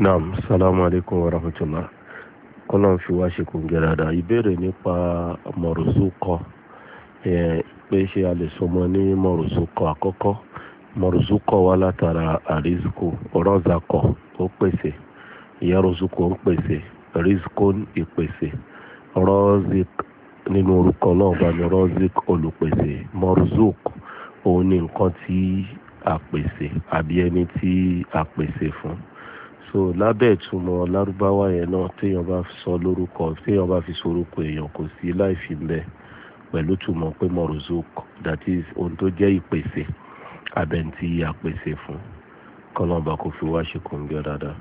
naam salamu alaykum wa rahmatulah kọ́lọ́n fi wá ṣe kòǹgẹ́ dada ìbéèrè nípa mọ̀rùsùkọ pé ṣé a lè sọmọ ní mọ̀rùsùkọ àkọ́kọ́ mọ̀rùsùkọ wá látara àrísìkò rọ́zàkọ ó pèsè ìyá rọ́zùkọ ń pèsè rísìkò ìpèsè rọ́zìk nínú orúkọ náà bá ní rọ́zìk olùpèsè mọ̀rùsùk òun ni nǹkan tí a pèsè àbí ẹni tí a pèsè fún. so lábẹ́ ìtumọ̀ lárúbáwá yẹn náà téèyàn bá sọ lórúkọ téèyàn bá fi sorúkọ èèyàn kò sí láìfi mbẹ pẹ̀lú túmọ̀ pé morozuk that is ohun tó jẹ́ ìpèsè abẹ́ntí apèsè fún kọ́lọ́ọ̀bà kò fi wá ṣe kòǹgẹ́ dáadáa.